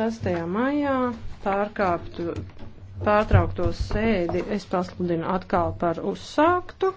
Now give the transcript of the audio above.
6. maijā pārkāptu, pārtraukto sēdi es pasludinu atkal par uzsāktu.